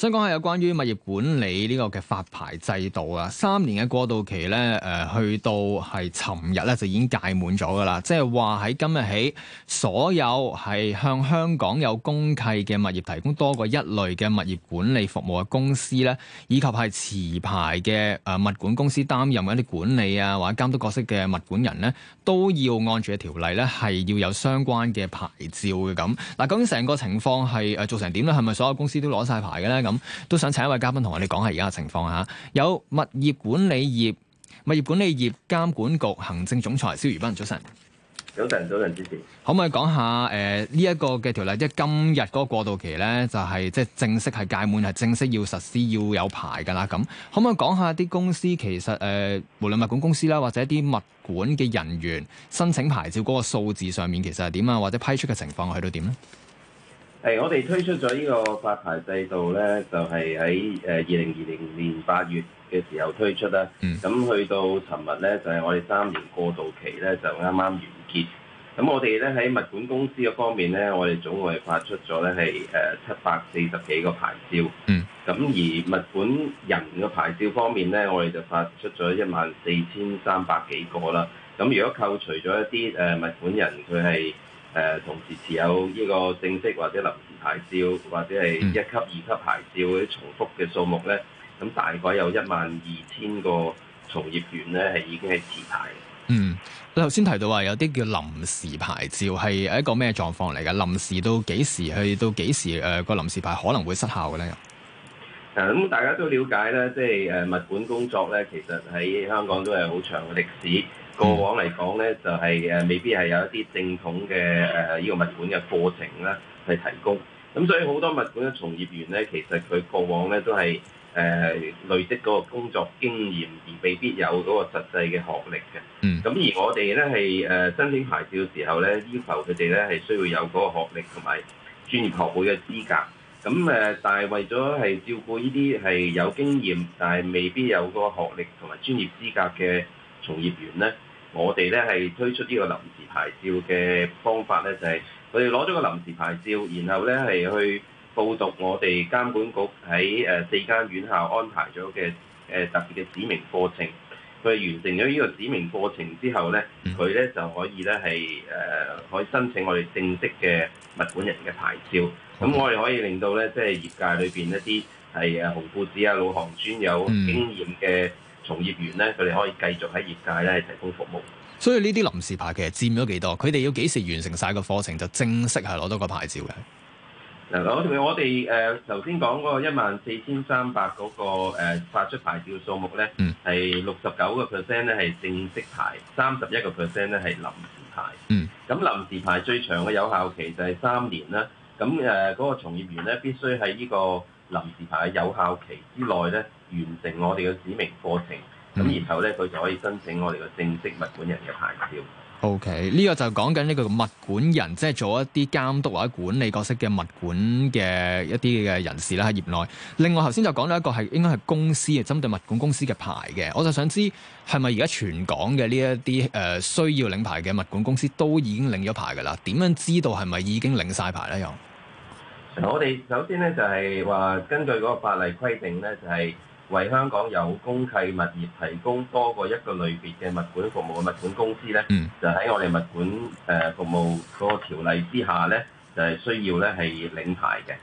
想講係有關於物業管理呢個嘅發牌制度啊，三年嘅過渡期咧，誒、呃、去到係尋日咧就已經屆滿咗㗎啦。即係話喺今日起，所有係向香港有公契嘅物業提供多過一類嘅物業管理服務嘅公司咧，以及係持牌嘅誒物管公司擔任一啲管理啊或者監督角色嘅物管人咧，都要按住嘅條例咧係要有相關嘅牌照嘅咁。嗱，咁究竟成個情況係誒做成點咧？係咪所有公司都攞晒牌嘅咧？咁都想請一位嘉賓同我哋講下而家嘅情況啊！有物業管理業物業管理業監管局行政總裁蕭如彬，早晨。早晨，早晨，主持。可唔可以講下誒呢一個嘅條例，即係今日嗰個過渡期咧，就係即係正式係屆滿，係正式要實施要有牌噶啦。咁可唔可以講下啲公司其實誒、呃，無論物管公司啦，或者啲物管嘅人員申請牌照嗰個數字上面其實係點啊？或者批出嘅情況去到點咧？誒，我哋推出咗呢個發牌制度呢，就係喺誒二零二零年八月嘅時候推出啦。咁、嗯、去到尋日呢就係、係、我哋三年過渡期呢就啱啱完結。咁我哋呢，喺物管公司嗰方面呢，我哋總共發出咗呢係誒七百四十幾個牌照。咁、嗯、而物管人嘅牌照方面呢，我哋就發出咗一萬四千三百幾個啦。咁如果扣除咗一啲、呃、物管人佢係。誒、呃、同時持有呢個正式或者臨時牌照，或者係一級、嗯、二級牌照啲重複嘅數目咧，咁大概有一萬二千個從業員咧係已經係持牌嘅。嗯，你頭先提到話有啲叫臨時牌照係一個咩狀況嚟㗎？臨時到幾時去到幾時誒個、呃、臨時牌可能會失效嘅咧？咁、啊、大家都了解咧，即係誒物管工作咧，其實喺香港都係好長嘅歷史。過往嚟講呢，就係誒未必係有一啲正統嘅誒呢個物管嘅課程啦，去提供。咁所以好多物管嘅從業員呢，其實佢過往呢都係誒累積嗰個工作經驗，而未必有嗰個實際嘅學歷嘅。嗯。咁而我哋呢係誒申請牌照嘅時候呢，要求佢哋呢係需要有嗰個學歷同埋專業學會嘅資格。咁誒，但係為咗係照顧呢啲係有經驗，但係未必有嗰個學歷同埋專業資格嘅從業員呢。我哋咧係推出呢個臨時牌照嘅方法咧，就係佢哋攞咗個臨時牌照，然後咧係去報讀我哋監管局喺誒、呃、四間院校安排咗嘅誒特別嘅指明課程。佢完成咗呢個指明課程之後咧，佢咧就可以咧係誒可以申請我哋正式嘅物管人嘅牌照。咁、嗯、我哋可以令到咧，即係業界裏邊一啲係啊紅褲仔啊老行尊有經驗嘅、嗯。從業員咧，佢哋可以繼續喺業界咧提供服務。所以呢啲臨時牌其實佔咗幾多？佢哋要幾時完成晒個課程就正式係攞到個牌照嘅。嗱，嗯，我哋我哋誒頭先講嗰個一萬四千三百嗰個誒發出牌照數目咧，嗯，係六十九個 percent 咧係正式牌，三十一個 percent 咧係臨時牌。嗯，咁臨時牌最長嘅有效期就係三年啦。咁誒嗰個從業員咧必須喺呢個臨時牌嘅有效期之內咧，完成我哋嘅指明課程，咁、嗯、然後咧佢就可以申請我哋嘅正式物管人嘅牌照。O K. 呢個就講緊呢個物管人，即、就、係、是、做一啲監督或者管理角色嘅物管嘅一啲嘅人士啦喺業內。另外頭先就講到一個係應該係公司嘅針對物管公司嘅牌嘅，我就想知係咪而家全港嘅呢一啲誒需要領牌嘅物管公司都已經領咗牌㗎喇？點樣知道係咪已經領晒牌咧？又、嗯、我哋首先呢，就係、是、話根據嗰個法例規定呢，就係、是。為香港有公契物業提供多過一個類別嘅物管服務嘅物管公司呢、嗯、就喺我哋物管誒服務嗰個條例之下呢，就係、是、需要呢係領牌嘅。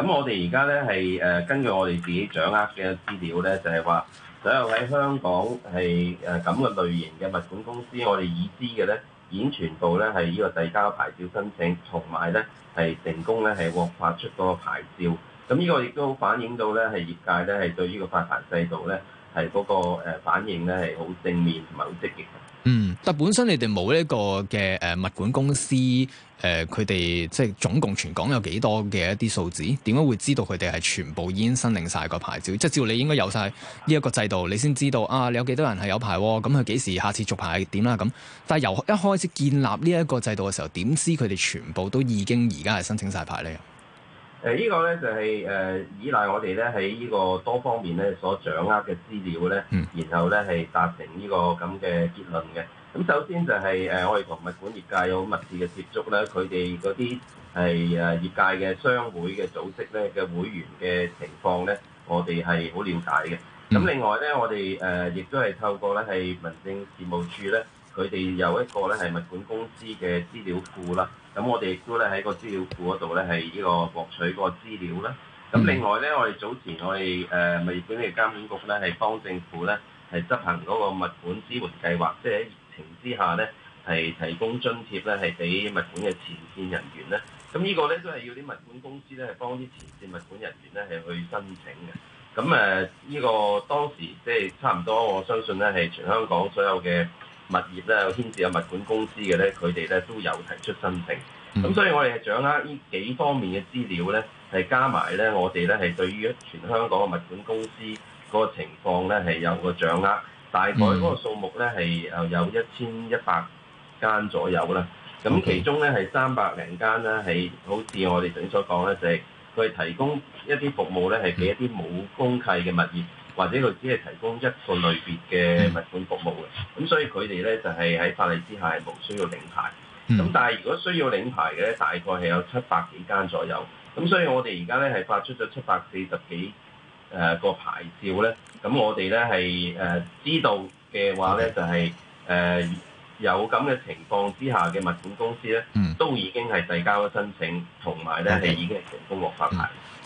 咁我哋而家呢係、呃、根據我哋自己掌握嘅資料呢，就係、是、話所有喺香港係誒咁嘅類型嘅物管公司，我哋已知嘅呢已經全部呢係呢個遞交牌照申請，同埋呢係成功呢係獲發出嗰個牌照。咁呢個亦都反映到咧，係業界咧係對呢個發牌制度咧係嗰個反應咧係好正面同埋好積極。嗯，但本身你哋冇呢個嘅誒物管公司誒佢哋即係總共全港有幾多嘅一啲數字？點解會知道佢哋係全部已經申領晒個牌照？即照理應該有晒呢一個制度，你先知道啊！你有幾多人係有牌喎？咁佢幾時下次續牌點啦？咁，但由一開始建立呢一個制度嘅時候，點知佢哋全部都已經而家係申請晒牌咧？誒呢個呢就係誒依賴我哋呢喺呢個多方面呢所掌握嘅資料呢，然後呢係達成呢個咁嘅結論嘅。咁首先就係誒我哋同物管業界有密切嘅接觸呢，佢哋嗰啲係誒業界嘅商會嘅組織呢嘅會員嘅情況呢，我哋係好瞭解嘅。咁另外呢，我哋誒亦都係透過呢係民政事務處呢。佢哋有一個咧係物管公司嘅資料庫啦，咁我哋亦都咧喺個資料庫嗰度咧係呢個獲取嗰個資料啦。咁另外咧，我哋早前我哋誒物管嘅監管局咧係幫政府咧係執行嗰個物管支援計劃，即係喺疫情之下咧係提供津貼咧係俾物管嘅前線人員咧。咁呢個咧都係要啲物管公司咧係幫啲前線物管人員咧係去申請嘅。咁誒呢個當時即係差唔多，我相信咧係全香港所有嘅。物業咧有牽涉有物管公司嘅咧，佢哋咧都有提出申請。咁所以我哋係掌握呢幾方面嘅資料咧，係加埋咧，我哋咧係對於全香港嘅物管公司嗰個情況咧係有個掌握。大概嗰個數目咧係又有一千一百間左右啦。咁其中咧係三百零間咧，係好似我哋頭先所講咧，就係、係、佢提供一啲服務咧，係俾一啲冇公契嘅物業，或者佢只係提供一個類別嘅物管服務嘅。咁所以佢哋咧就係喺法例之下係冇需要領牌，咁、嗯、但係如果需要領牌嘅咧，大概係有七百幾間左右。咁所以我哋而家咧係發出咗七百四十幾誒個牌照咧。咁我哋咧係誒知道嘅話咧，就係誒有咁嘅情況之下嘅物管公司咧，都已經係遞交咗申請，同埋咧係已經係成功獲發。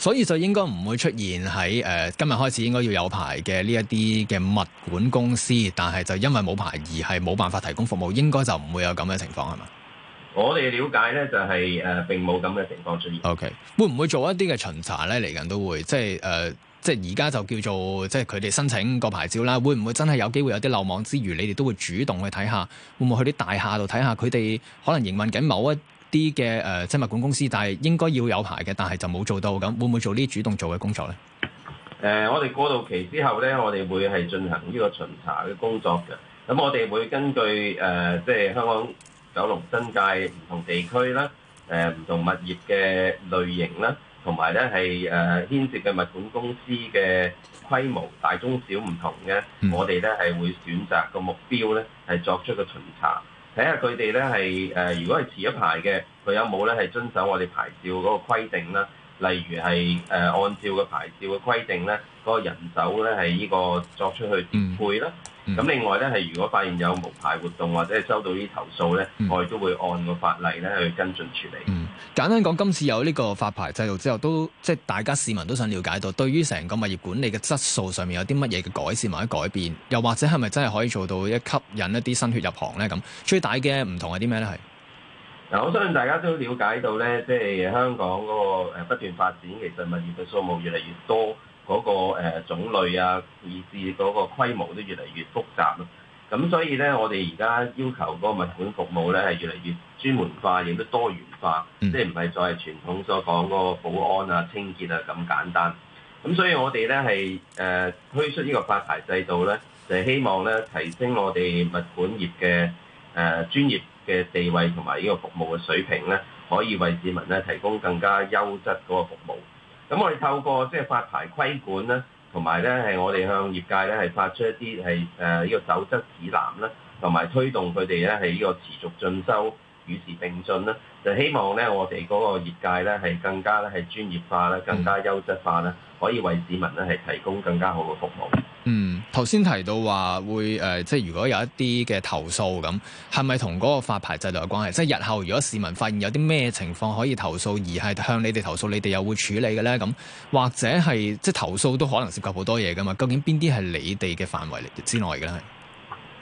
所以就應該唔會出現喺誒、呃、今日開始應該要有牌嘅呢一啲嘅物管公司，但係就因為冇牌而係冇辦法提供服務，應該就唔會有咁嘅情況係嘛？我哋了解呢就係、是、誒、呃、並冇咁嘅情況出現。O、okay. K，會唔會做一啲嘅巡查呢？嚟緊都會，即係誒、呃，即係而家就叫做即係佢哋申請個牌照啦。會唔會真係有機會有啲漏網之魚？你哋都會主動去睇下，會唔會去啲大廈度睇下佢哋可能營運緊某一啲嘅誒即物管公司，但係應該要有牌嘅，但係就冇做到，咁會唔會做呢主動做嘅工作咧？誒，我哋過渡期之後咧，我哋會係進行呢個巡查嘅工作嘅。咁我哋會根據誒，即係香港九龍新界唔同地區啦，誒唔同物業嘅類型啦，同埋咧係誒牽涉嘅物管公司嘅規模大中小唔同嘅，我哋咧係會選擇個目標咧係作出個巡查。睇下佢哋咧係誒，如果係遲一排嘅，佢有冇咧係遵守我哋牌照嗰個規定啦？例如係誒、呃、按照個牌照嘅規定咧，嗰、嗰個人手咧係呢個作出去配啦。咁、嗯嗯、另外咧係如果發現有無牌活動或者係收到啲投訴咧，嗯、我哋都會按個法例咧去跟進處理。嗯嗯。簡單講，今次有呢個發牌制度之後，都即係大家市民都想了解到，對於成個物業管理嘅質素上面有啲乜嘢嘅改善或者改變，又或者係咪真係可以做到一吸引一啲新血入行呢？咁最大嘅唔同係啲咩呢？係嗱、嗯，我相信大家都了解到呢，即係香港嗰個誒不斷發展，其實物業嘅數目越嚟越多，嗰、嗰個誒、呃、種類啊，以至嗰個規模都越嚟越複雜。咁所以咧，我哋而家要求嗰個物管服務咧，係越嚟越專門化，亦都多元化，即係唔係再係傳統所講嗰個保安啊、清潔啊咁簡單。咁所以我哋咧係誒推出呢個發牌制度咧，就係、係、希望咧提升我哋物管業嘅誒、呃、專業嘅地位同埋呢個服務嘅水平咧，可以為市民咧提供更加優質嗰個服務。咁我哋透過即係、就係、發牌規管咧。同埋咧，係我哋向業界咧係發出一啲係誒呢個守則指南啦，同埋推動佢哋咧係呢個持續進修。與時並進啦，就希望咧，我哋嗰個業界咧係更加咧係專業化啦，更加優質化啦，可以為市民咧係提供更加好嘅服務。嗯，頭先提到話會誒、呃，即係如果有一啲嘅投訴咁，係咪同嗰個發牌制度有關係？即係日後如果市民發現有啲咩情況可以投訴，而係向你哋投訴，你哋又會處理嘅咧？咁或者係即係投訴都可能涉及好多嘢噶嘛？究竟邊啲係你哋嘅範圍之內嘅咧？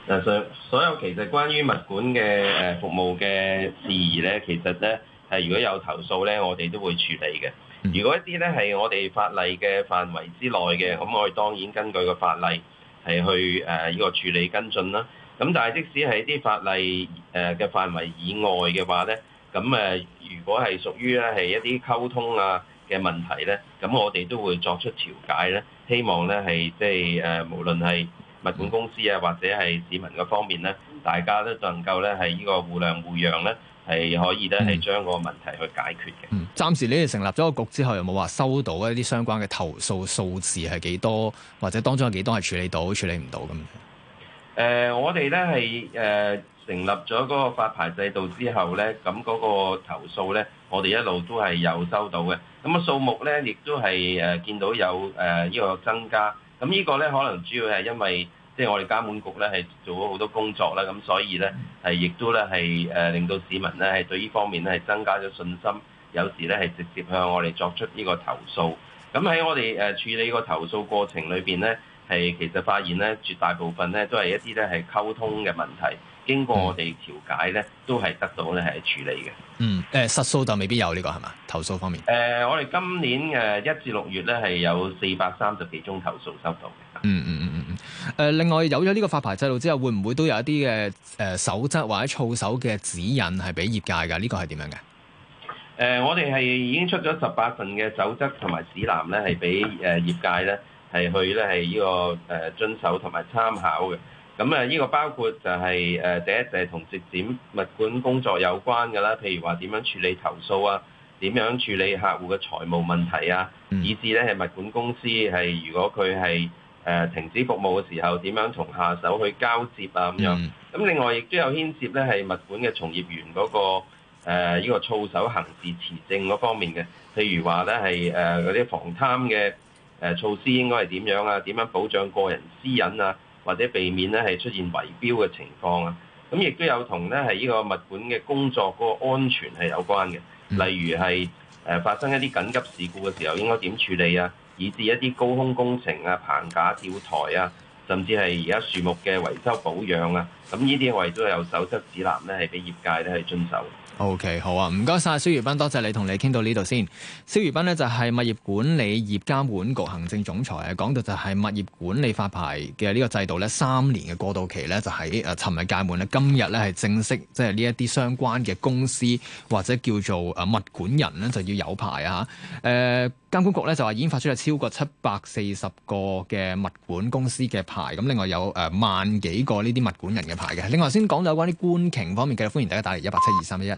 誒所有其實關於物管嘅誒服務嘅事宜咧，其實咧誒如果有投訴咧，我哋都會處理嘅。如果一啲咧係我哋法例嘅範圍之內嘅，咁我哋當然根據個法例係去誒呢個處理跟進啦。咁但係即使係啲法例誒嘅範圍以外嘅話咧，咁誒如果係屬於咧係一啲溝通啊嘅問題咧，咁我哋都會作出調解咧，希望咧係即係誒、呃、無論係。嗯、物管公司啊，或者係市民嘅方面呢，大家都能夠呢，係呢個互諒互讓呢，係可以呢，係將個問題去解決嘅。嗯、暫時你哋成立咗個局之後，有冇話收到一啲相關嘅投訴數字係幾多少，或者當中有幾多係處理到、處理唔到咁樣？誒，我哋呢，係誒、呃、成立咗嗰個發牌制度之後呢，咁嗰個投訴呢，我哋一路都係有收到嘅。咁啊數目呢，亦都係誒、呃、見到有誒呢、呃這個增加。咁呢個呢，可能主要係因為。即係我哋監管局咧係做咗好多工作啦，咁所以咧係亦都咧係誒令到市民咧係對呢方面咧，係增加咗信心，有時咧係直接向我哋作出呢個投訴。咁喺我哋誒處理個投訴過程裏邊咧，係，其實發現咧，絕大部分咧都係一啲咧係溝通嘅問題，經過我哋調解咧，都係得到咧係處理嘅。嗯，誒、呃、失蘇就未必有呢個係嘛？投訴方面，誒、呃、我哋今年誒一至六月咧係有四百三十幾宗投訴收到嘅、嗯。嗯嗯嗯嗯嗯。另外有咗呢個發牌制度之後，會唔會都有一啲嘅誒守則或者操守嘅指引係俾業界㗎？呢、呢個係點樣嘅？誒、呃、我哋係已經出咗十八份嘅守則同埋指南咧，係俾誒業界咧。係去咧係呢是、這個誒、呃、遵守同埋參考嘅，咁啊依個包括就係、是、誒、呃、第一就係同直展物管工作有關嘅啦，譬如話點樣處理投訴啊，點樣處理客戶嘅財務問題啊，以至咧係物管公司係如果佢係誒停止服務嘅時候，點樣同下手去交接啊咁樣。咁、嗯、另外亦都有牽涉咧係物管嘅從業員嗰、那個呢依、呃這個操守行事持證嗰方面嘅，譬如話咧係誒嗰啲防貪嘅。呃那些房誒措施應該係點樣啊？點樣保障個人私隱啊？或者避免咧係出現圍標嘅情況啊？咁亦都有同咧係呢個物管嘅工作嗰個安全係有關嘅，例如係誒發生一啲緊急事故嘅時候應該點處理啊？以至一啲高空工程啊、棚架吊台啊，甚至係而家樹木嘅維修保養啊，咁呢啲我哋都有守則指南咧係俾業界咧係遵守。O.K. 好啊，唔該晒。蕭如彬，多謝你同你傾到呢度先。蕭如彬呢，就係、是、物業管理業監管局行政總裁啊，講到就係物業管理發牌嘅呢個制度呢三年嘅過渡期呢，就喺誒尋日屆滿啦。今日呢，係正式，即係呢一啲相關嘅公司或者叫做、呃、物管人呢，就要有牌啊嚇、呃。監管局呢，就話已經發出咗超過七百四十個嘅物管公司嘅牌，咁另外有、呃、萬幾個呢啲物管人嘅牌嘅。另外先講到有關啲官瓊方面，嘅，繼續歡迎大家打嚟一八七二三一一。